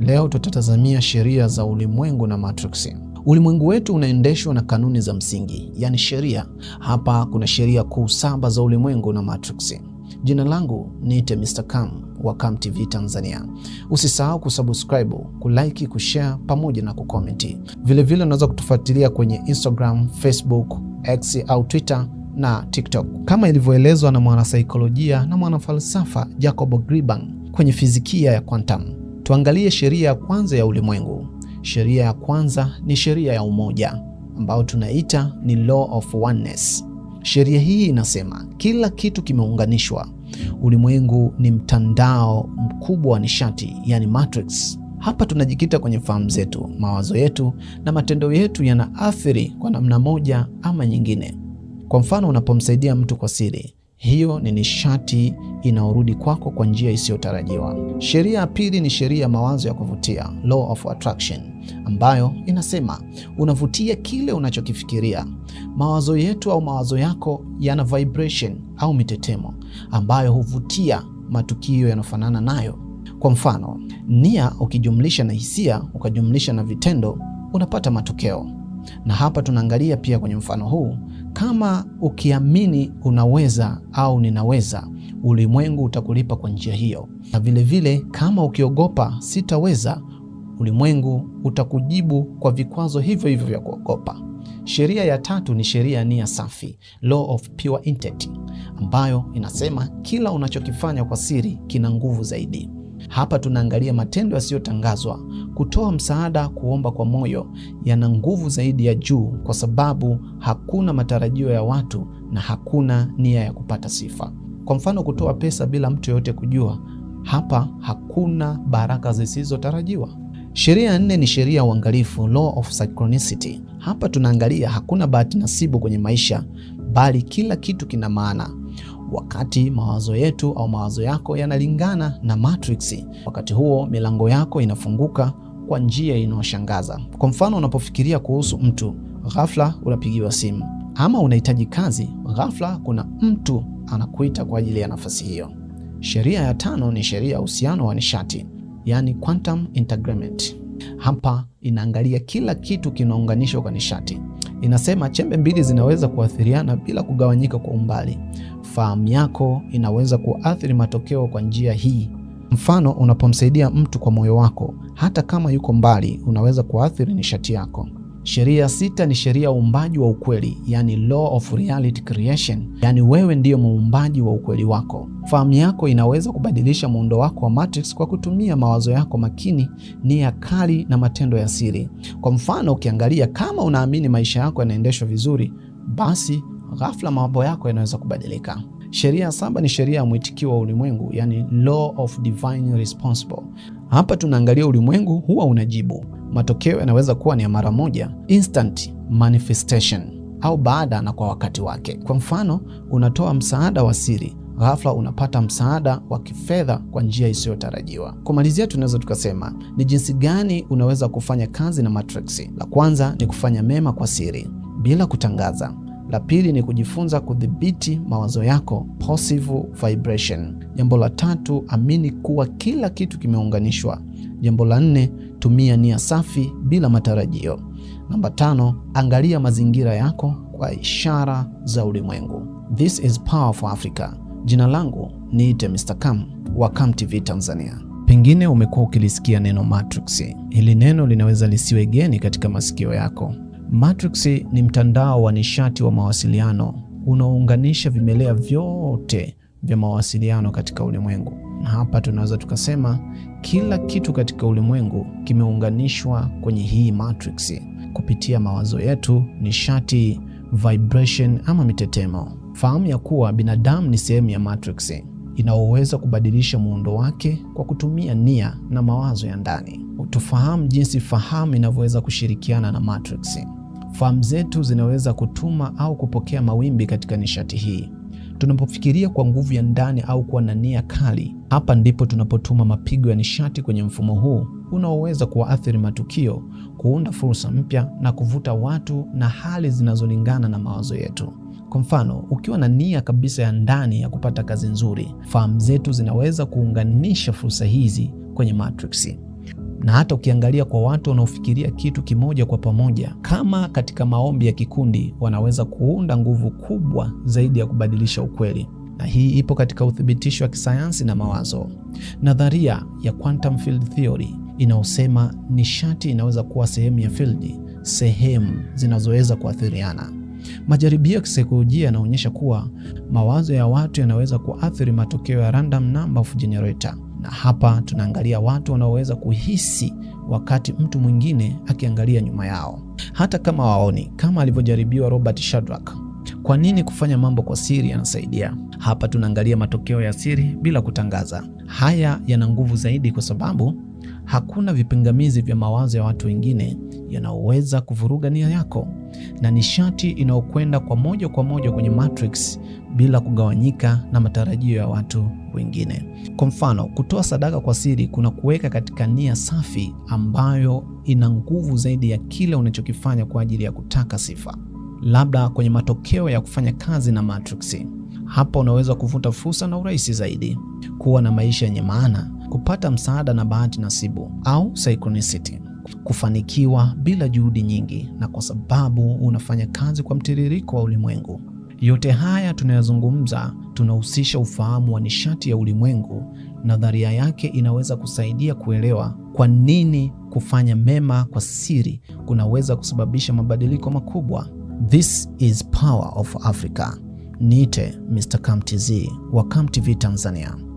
Leo tutatazamia sheria za ulimwengu na matrix. Ulimwengu wetu unaendeshwa na kanuni za msingi, yaani sheria. Hapa kuna sheria kuu saba za ulimwengu na matrix. Jina langu niite Mr. Kam wa Kam TV Tanzania. Usisahau kusubscribe, kulike, kushare pamoja na kukomenti. Vilevile unaweza kutufuatilia kwenye Instagram, Facebook, X au Twitter na TikTok kama ilivyoelezwa na mwanasaikolojia na mwanafalsafa Jacob griban kwenye fizikia ya quantum. Tuangalie sheria ya kwanza ya ulimwengu. Sheria ya kwanza ni sheria ya umoja ambayo tunaita ni law of oneness. Sheria hii inasema kila kitu kimeunganishwa. Ulimwengu ni mtandao mkubwa wa nishati, yani matrix. Hapa tunajikita kwenye fahamu zetu, mawazo yetu na matendo yetu yanaathiri kwa namna moja ama nyingine. Kwa mfano, unapomsaidia mtu kwa siri hiyo ni nishati inayorudi kwako kwa njia isiyotarajiwa. Sheria ya pili ni sheria ya mawazo ya kuvutia, law of attraction, ambayo inasema unavutia kile unachokifikiria. Mawazo yetu au mawazo yako yana vibration au mitetemo ambayo huvutia matukio yanayofanana nayo. Kwa mfano, nia ukijumlisha na hisia ukajumlisha na vitendo unapata matokeo. Na hapa tunaangalia pia kwenye mfano huu kama ukiamini unaweza au ninaweza, ulimwengu utakulipa kwa njia hiyo, na vilevile vile, kama ukiogopa sitaweza, ulimwengu utakujibu kwa vikwazo hivyo hivyo vya kuogopa. Sheria ya tatu ni sheria ya nia safi, law of pure intent, ambayo inasema kila unachokifanya kwa siri kina nguvu zaidi. Hapa tunaangalia matendo yasiyotangazwa. Kutoa msaada, kuomba kwa moyo, yana nguvu zaidi ya juu, kwa sababu hakuna matarajio ya watu na hakuna nia ya kupata sifa. Kwa mfano, kutoa pesa bila mtu yoyote kujua, hapa hakuna baraka zisizotarajiwa. Sheria ya nne ni sheria ya uangalifu, law of synchronicity. Hapa tunaangalia hakuna bahati nasibu kwenye maisha, bali kila kitu kina maana. Wakati mawazo yetu au mawazo yako yanalingana na matrix, wakati huo milango yako inafunguka kwa njia inayoshangaza. Kwa mfano, unapofikiria kuhusu mtu, ghafla unapigiwa simu, ama unahitaji kazi, ghafla kuna mtu anakuita kwa ajili ya nafasi hiyo. Sheria ya tano ni sheria ya uhusiano wa nishati, yani quantum entanglement. Hapa inaangalia kila kitu kinaunganishwa kwa nishati. Inasema chembe mbili zinaweza kuathiriana bila kugawanyika kwa umbali. Fahamu yako inaweza kuathiri matokeo kwa njia hii. Mfano, unapomsaidia mtu kwa moyo wako, hata kama yuko mbali, unaweza kuathiri nishati yako. Sheria sita ni sheria ya uumbaji wa ukweli, yani law of reality creation, yani wewe ndiyo muumbaji wa ukweli wako. Fahamu yako inaweza kubadilisha muundo wako wa matrix kwa kutumia mawazo yako makini, nia kali na matendo ya siri. Kwa mfano, ukiangalia kama unaamini maisha yako yanaendeshwa vizuri, basi ghafla mambo yako yanaweza kubadilika. Sheria ya saba ni sheria ya mwitikio wa ulimwengu, yani law of divine responsible. Hapa tunaangalia ulimwengu huwa unajibu matokeo yanaweza kuwa ni ya mara moja, instant manifestation, au baada na kwa wakati wake. Kwa mfano, unatoa msaada wa siri ghafla unapata msaada wa kifedha kwa njia isiyotarajiwa. Kumalizia, tunaweza tukasema ni jinsi gani unaweza kufanya kazi na matrix. La kwanza ni kufanya mema kwa siri bila kutangaza. La pili ni kujifunza kudhibiti mawazo yako, positive vibration. Jambo la tatu, amini kuwa kila kitu kimeunganishwa Jambo la nne, tumia nia safi bila matarajio. Namba tano, angalia mazingira yako kwa ishara za ulimwengu. This is Power for Africa. Jina langu niite Mr. Kam wa Kam TV Tanzania. Pengine umekuwa ukilisikia neno Matrix. Hili neno linaweza lisiwe geni katika masikio yako. Matrix ni mtandao wa nishati wa mawasiliano unaounganisha vimelea vyote vya mawasiliano katika ulimwengu. Na hapa tunaweza tukasema kila kitu katika ulimwengu kimeunganishwa kwenye hii matrix kupitia mawazo yetu, nishati, vibration ama mitetemo. Fahamu ya kuwa binadamu ni sehemu ya matrix inaoweza kubadilisha muundo wake kwa kutumia nia na mawazo ya ndani. Tufahamu jinsi fahamu inavyoweza kushirikiana na matrix. Fahamu zetu zinaweza kutuma au kupokea mawimbi katika nishati hii Tunapofikiria kwa nguvu ya ndani au kuwa na nia kali, hapa ndipo tunapotuma mapigo ya nishati kwenye mfumo huu unaoweza kuwaathiri matukio, kuunda fursa mpya na kuvuta watu na hali zinazolingana na mawazo yetu. Kwa mfano, ukiwa na nia kabisa ya ndani ya kupata kazi nzuri, fahamu zetu zinaweza kuunganisha fursa hizi kwenye matrixi na hata ukiangalia kwa watu wanaofikiria kitu kimoja kwa pamoja, kama katika maombi ya kikundi, wanaweza kuunda nguvu kubwa zaidi ya kubadilisha ukweli. Na hii ipo katika uthibitisho wa kisayansi na mawazo. Nadharia ya quantum field theory inaosema nishati inaweza kuwa sehemu ya fieldi, sehemu zinazoweza kuathiriana. Majaribio ya kisaikolojia yanaonyesha kuwa mawazo ya watu yanaweza kuathiri matokeo ya random number generator, na hapa tunaangalia watu wanaoweza kuhisi wakati mtu mwingine akiangalia nyuma yao, hata kama waoni, kama alivyojaribiwa Robert Shadrack. Kwa nini kufanya mambo kwa siri yanasaidia? Hapa tunaangalia matokeo ya siri bila kutangaza. Haya yana nguvu zaidi kwa sababu hakuna vipingamizi vya mawazo ya watu wengine yanaoweza kuvuruga nia yako na nishati inayokwenda kwa moja kwa moja kwenye matrix bila kugawanyika na matarajio ya watu wengine. Kwa mfano, kutoa sadaka kwa siri kuna kuweka katika nia safi ambayo ina nguvu zaidi ya kile unachokifanya kwa ajili ya kutaka sifa, labda kwenye matokeo ya kufanya kazi na matrix. Hapa unaweza kuvuta fursa na urahisi zaidi, kuwa na maisha yenye maana, kupata msaada na bahati nasibu au synchronicity kufanikiwa bila juhudi nyingi, na kwa sababu unafanya kazi kwa mtiririko wa ulimwengu. Yote haya tunayozungumza tunahusisha ufahamu wa nishati ya ulimwengu. Nadharia yake inaweza kusaidia kuelewa kwa nini kufanya mema kwa siri kunaweza kusababisha mabadiliko makubwa. This is Power of Africa. Niite Mr. Kamtz wa Kamtv Tanzania.